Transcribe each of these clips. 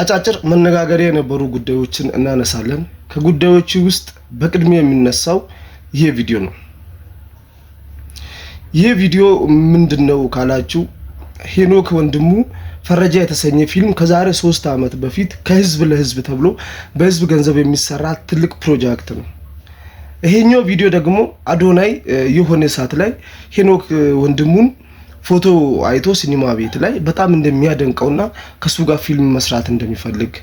አጫጭር መነጋገሪያ የነበሩ ጉዳዮችን እናነሳለን። ከጉዳዮቹ ውስጥ በቅድሚያ የሚነሳው ይሄ ቪዲዮ ነው። ይህ ቪዲዮ ምንድን ነው ካላችሁ ሄኖክ ወንድሙ ፈረጃ የተሰኘ ፊልም ከዛሬ ሶስት ዓመት በፊት ከህዝብ ለህዝብ ተብሎ በህዝብ ገንዘብ የሚሰራ ትልቅ ፕሮጀክት ነው። ይሄኛው ቪዲዮ ደግሞ አዶናይ የሆነ ሰዓት ላይ ሄኖክ ወንድሙን ፎቶ አይቶ ሲኒማ ቤት ላይ በጣም እንደሚያደንቀውና ከሱ ጋር ፊልም መስራት እንደሚፈልግ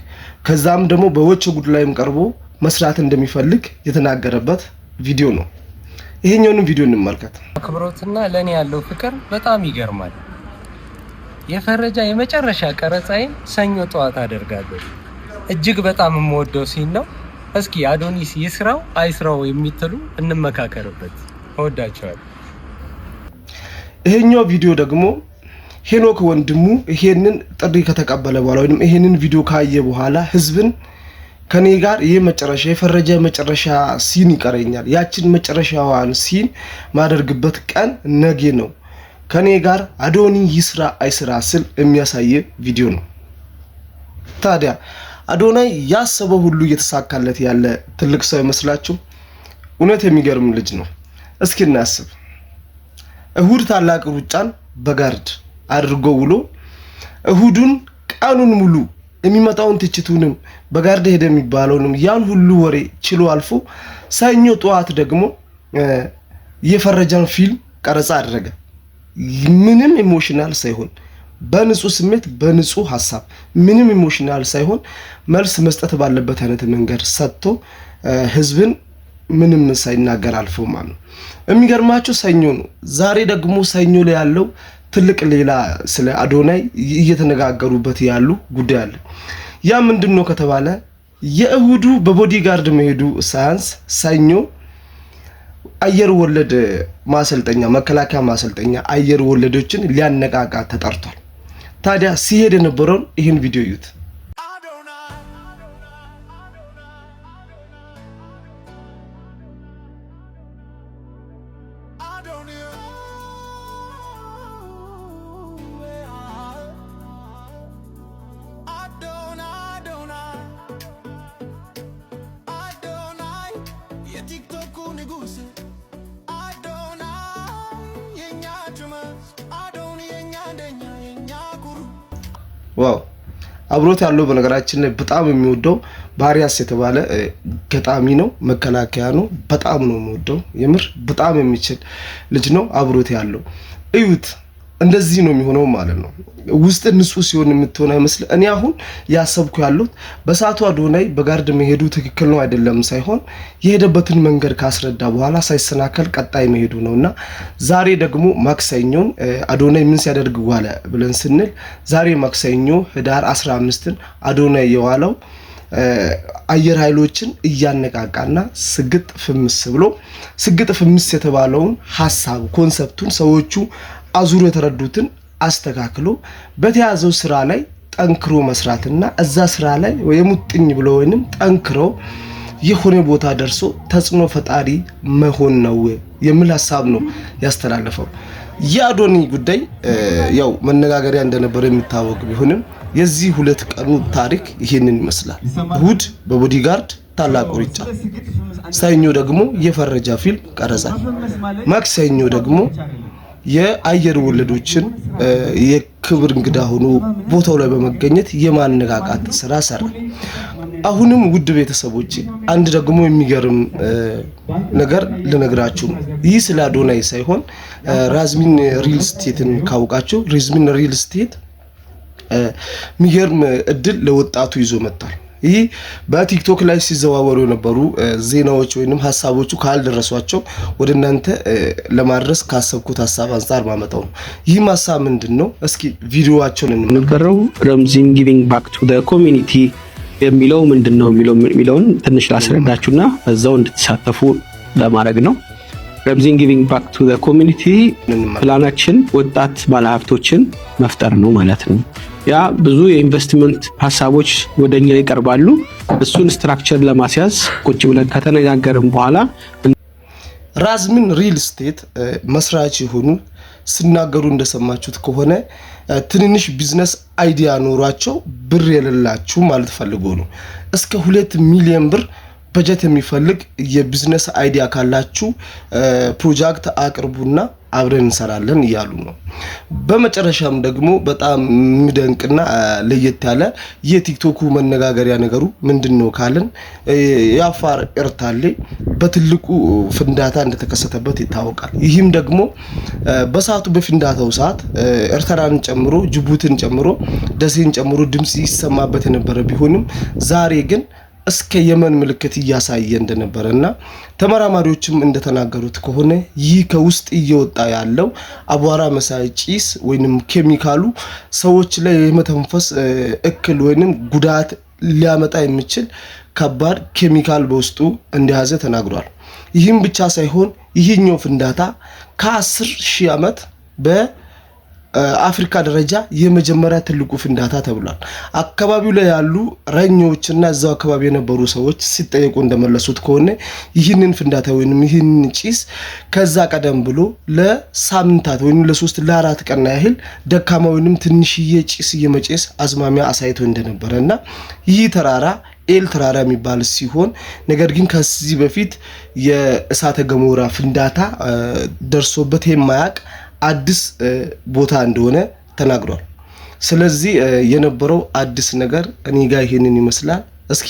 ከዛም ደግሞ በወቸ ጉድ ላይም ቀርቦ መስራት እንደሚፈልግ የተናገረበት ቪዲዮ ነው። ይሄኛውንም ቪዲዮ እንመልከት። አክብሮትና ለእኔ ያለው ፍቅር በጣም ይገርማል። የፈረጃ የመጨረሻ ቀረጻዬን ሰኞ ጠዋት አደርጋለሁ። እጅግ በጣም የምወደው ሲን ነው። እስኪ አዶኒስ ይስራው አይስራው የሚትሉ እንመካከርበት። እወዳቸዋለሁ። ይሄኛው ቪዲዮ ደግሞ ሄኖክ ወንድሙ ይሄንን ጥሪ ከተቀበለ በኋላ ወይም ይሄንን ቪዲዮ ካየ በኋላ ህዝብን ከኔ ጋር ይህ መጨረሻ የፈረጀ መጨረሻ ሲን ይቀረኛል። ያችን መጨረሻዋን ሲን ማደርግበት ቀን ነጌ ነው። ከኔ ጋር አዶኒ ይስራ አይስራ ስል የሚያሳየ ቪዲዮ ነው። ታዲያ አዶናይ ያሰበው ሁሉ እየተሳካለት ያለ ትልቅ ሰው ይመስላችሁ? እውነት የሚገርም ልጅ ነው። እስኪ እናስብ። እሁድ ታላቅ ሩጫን በጋርድ አድርጎ ውሎ እሁዱን ቀኑን ሙሉ የሚመጣውን ትችቱንም በጋርድ ሄደ የሚባለውንም ያን ሁሉ ወሬ ችሎ አልፎ ሰኞ ጠዋት ደግሞ የፈረጃን ፊልም ቀረጻ አደረገ። ምንም ኢሞሽናል ሳይሆን በንጹህ ስሜት በንጹህ ሀሳብ ምንም ኢሞሽናል ሳይሆን መልስ መስጠት ባለበት አይነት መንገድ ሰጥቶ ህዝብን ምንም ሳይናገር አልፈው ማለት ነው። የሚገርማችሁ ሰኞ ነው። ዛሬ ደግሞ ሰኞ ላይ ያለው ትልቅ ሌላ ስለ አዶናይ እየተነጋገሩበት ያሉ ጉዳይ አለ። ያ ምንድን ነው ከተባለ የእሁዱ በቦዲጋርድ መሄዱ ሳያንስ ሰኞ አየር ወለድ ማሰልጠኛ መከላከያ ማሰልጠኛ አየር ወለዶችን ሊያነቃቃ ተጠርቷል። ታዲያ ሲሄድ የነበረውን ይህን ቪዲዮ እዩት። ዋው አብሮት ያለው በነገራችን ላይ በጣም የሚወደው ባሪያስ የተባለ ገጣሚ ነው፣ መከላከያ ነው። በጣም ነው የሚወደው የምር በጣም የሚችል ልጅ ነው። አብሮት ያለው እዩት። እንደዚህ ነው የሚሆነው ማለት ነው። ውስጥ ንጹህ ሲሆን የምትሆን አይመስል እኔ አሁን ያሰብኩ ያሉት በሰዓቱ አዶናይ በጋርድ መሄዱ ትክክል ነው አይደለም ሳይሆን የሄደበትን መንገድ ካስረዳ በኋላ ሳይሰናከል ቀጣይ መሄዱ ነው እና ዛሬ ደግሞ ማክሰኞን አዶናይ ምን ሲያደርግ ዋለ ብለን ስንል ዛሬ ማክሰኞ ህዳር 15ን አዶናይ የዋለው አየር ኃይሎችን እያነቃቃና ስግጥ ፍምስ ብሎ ስግጥ ፍምስ የተባለውን ሀሳብ ኮንሰፕቱን ሰዎቹ አዙሮ የተረዱትን አስተካክሎ በተያዘው ስራ ላይ ጠንክሮ መስራትና እዛ ስራ ላይ የሙጥኝ ብሎ ወይንም ጠንክሮ የሆነ ቦታ ደርሶ ተጽዕኖ ፈጣሪ መሆን ነው የሚል ሀሳብ ነው ያስተላለፈው። የአዶኒ ጉዳይ ያው መነጋገሪያ እንደነበረ የሚታወቅ ቢሆንም የዚህ ሁለት ቀኑ ታሪክ ይህንን ይመስላል። እሁድ በቦዲጋርድ ታላቁ ሩጫ፣ ሰኞ ደግሞ የፈረጃ ፊልም ቀረጻ፣ ማክሰኞ ደግሞ የአየር ወለዶችን የክብር እንግዳ ሆኖ ቦታው ላይ በመገኘት የማነቃቃት ስራ ሰራ። አሁንም ውድ ቤተሰቦች አንድ ደግሞ የሚገርም ነገር ልነግራችሁ ነው። ይህ ስለ አዶናይ ሳይሆን ራዝሚን ሪል ስቴትን ካውቃችሁ ራዝሚን ሪል ስቴት የሚገርም እድል ለወጣቱ ይዞ መጥቷል። ይህ በቲክቶክ ላይ ሲዘዋወሩ የነበሩ ዜናዎች ወይም ሀሳቦቹ ካልደረሷቸው ወደ እናንተ ለማድረስ ካሰብኩት ሀሳብ አንጻር ማመጣው ነው። ይህም ሀሳብ ምንድን ነው? እስኪ ቪዲዮዋቸውን የነበረው ረምዚን ጊቪንግ ባክ ቱ ኮሚኒቲ የሚለው ምንድን ነው የሚለውን ትንሽ ላስረዳችሁና በዛው እንድትሳተፉ ለማድረግ ነው። ረምዚን ጊቪንግ ባክ ቱ ኮሚኒቲ ፕላናችን ወጣት ባለሀብቶችን መፍጠር ነው ማለት ነው። ያ ብዙ የኢንቨስትመንት ሀሳቦች ወደ እኛ ይቀርባሉ። እሱን ስትራክቸር ለማስያዝ ቁጭ ብለን ከተነጋገርም በኋላ ራዝምን ሪል ስቴት መስራች የሆኑ ሲናገሩ እንደሰማችሁት ከሆነ ትንንሽ ቢዝነስ አይዲያ ኖሯቸው ብር የሌላችሁ ማለት ፈልጎ ነው እስከ ሁለት ሚሊዮን ብር በጀት የሚፈልግ የቢዝነስ አይዲያ ካላችሁ ፕሮጀክት አቅርቡና አብረን እንሰራለን እያሉ ነው። በመጨረሻም ደግሞ በጣም የሚደንቅና ለየት ያለ የቲክቶኩ መነጋገሪያ ነገሩ ምንድን ነው ካልን የአፋር ኤርታሌ በትልቁ ፍንዳታ እንደተከሰተበት ይታወቃል። ይህም ደግሞ በሰዓቱ በፍንዳታው ሰዓት ኤርትራን ጨምሮ ጅቡትን ጨምሮ ደሴን ጨምሮ ድምፅ ይሰማበት የነበረ ቢሆንም ዛሬ ግን እስከ የመን ምልክት እያሳየ እንደነበረ እና ተመራማሪዎችም እንደተናገሩት ከሆነ ይህ ከውስጥ እየወጣ ያለው አቧራ መሳይ ጭስ ወይንም ኬሚካሉ ሰዎች ላይ የመተንፈስ እክል ወይንም ጉዳት ሊያመጣ የሚችል ከባድ ኬሚካል በውስጡ እንደያዘ ተናግሯል። ይህም ብቻ ሳይሆን ይህኛው ፍንዳታ ከአስር ሺህ ዓመት በ አፍሪካ ደረጃ የመጀመሪያ ትልቁ ፍንዳታ ተብሏል። አካባቢው ላይ ያሉ እና እዛው አካባቢ የነበሩ ሰዎች ሲጠየቁ እንደመለሱት ከሆነ ይህንን ፍንዳታ ወይም ይህንን ጭስ ከዛ ቀደም ብሎ ለሳምንታት ወይም ለሶስት ለአራት ቀና ያህል ደካማ ወይም ትንሽዬ ጭስ እየመጨስ አዝማሚያ አሳይቶ እንደነበረ እና ይህ ተራራ ኤል ተራራ የሚባል ሲሆን ነገር ግን ከዚህ በፊት የእሳተ ገሞራ ፍንዳታ ደርሶበት የማያውቅ አዲስ ቦታ እንደሆነ ተናግሯል። ስለዚህ የነበረው አዲስ ነገር እኔ ጋር ይሄንን ይመስላል። እስኪ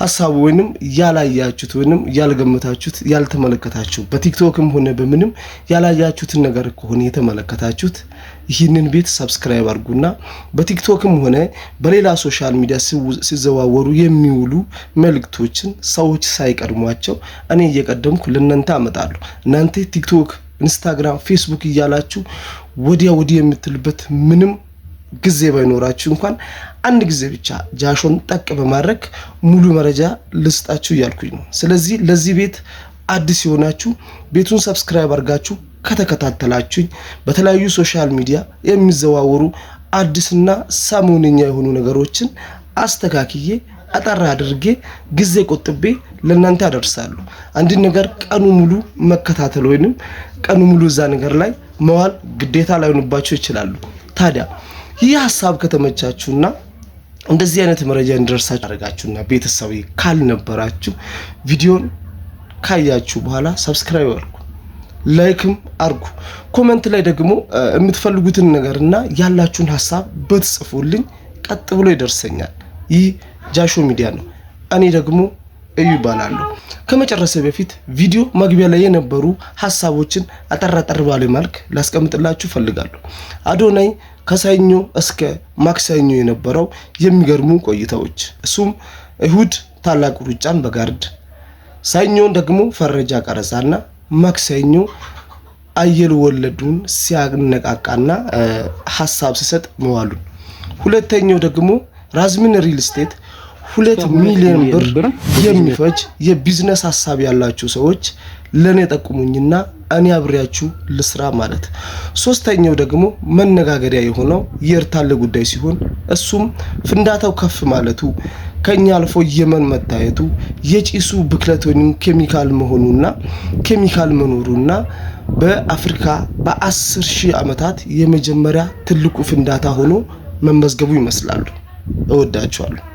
ሀሳቡ ወይንም ያላያችሁት ወይንም ያልገመታችሁት ያልተመለከታችሁ በቲክቶክም ሆነ በምንም ያላያችሁትን ነገር ከሆነ የተመለከታችሁት ይህንን ቤት ሰብስክራይብ አድርጉና በቲክቶክም ሆነ በሌላ ሶሻል ሚዲያ ሲዘዋወሩ የሚውሉ መልእክቶችን ሰዎች ሳይቀድሟቸው እኔ እየቀደምኩ ለእናንተ አመጣለሁ። እናንተ ቲክቶክ ኢንስታግራም፣ ፌስቡክ እያላችሁ ወዲያ ወዲህ የምትልበት ምንም ጊዜ ባይኖራችሁ እንኳን አንድ ጊዜ ብቻ ጃሾን ጠቅ በማድረግ ሙሉ መረጃ ልስጣችሁ እያልኩኝ ነው። ስለዚህ ለዚህ ቤት አዲስ የሆናችሁ ቤቱን ሰብስክራይብ አድርጋችሁ ከተከታተላችሁኝ በተለያዩ ሶሻል ሚዲያ የሚዘዋወሩ አዲስና ሰሞነኛ የሆኑ ነገሮችን አስተካክዬ አጠራ አድርጌ ጊዜ ቆጥቤ ለእናንተ ያደርሳሉ። አንድን ነገር ቀኑ ሙሉ መከታተል ወይንም ቀኑ ሙሉ እዛ ነገር ላይ መዋል ግዴታ ላይሆንባቸው ይችላሉ። ታዲያ ይህ ሀሳብ ከተመቻችሁና እንደዚህ አይነት መረጃ እንዲደርሳችሁ አደረጋችሁና ቤተሰብ ካልነበራችሁ ቪዲዮን ካያችሁ በኋላ ሰብስክራይብ አርጉ፣ ላይክም አድርጉ። ኮመንት ላይ ደግሞ የምትፈልጉትን ነገርና ያላችሁን ሀሳብ ብትጽፉልኝ ቀጥ ብሎ ይደርሰኛል። ይህ ጃሾ ሚዲያ ነው። እኔ ደግሞ እዩ ይባላሉ። ከመጨረሰ በፊት ቪዲዮ መግቢያ ላይ የነበሩ ሀሳቦችን አጠር አጠር ባለ መልክ ላስቀምጥላችሁ ፈልጋለሁ። አዶናይ ከሰኞ እስከ ማክሰኞ የነበረው የሚገርሙ ቆይታዎች እሱም እሁድ ታላቅ ሩጫን በጋርድ ሰኞን ደግሞ ፈረጃ ቀረጻና ማክሰኞ አየል ወለዱን ሲያነቃቃና ሀሳብ ሲሰጥ መዋሉን ሁለተኛው ደግሞ ራዝሚን ሪል ስቴት ሁለት ሚሊዮን ብር የሚፈጅ የቢዝነስ ሀሳብ ያላችሁ ሰዎች ለእኔ ጠቁሙኝና እኔ አብሬያችሁ ልስራ ማለት። ሶስተኛው ደግሞ መነጋገሪያ የሆነው የኤርታሌ ጉዳይ ሲሆን እሱም ፍንዳታው ከፍ ማለቱ ከኛ አልፎ የመን መታየቱ የጪሱ ብክለት ወይም ኬሚካል መሆኑና ኬሚካል መኖሩና በአፍሪካ በአስር ሺህ ዓመታት የመጀመሪያ ትልቁ ፍንዳታ ሆኖ መመዝገቡ ይመስላሉ። እወዳችኋለሁ።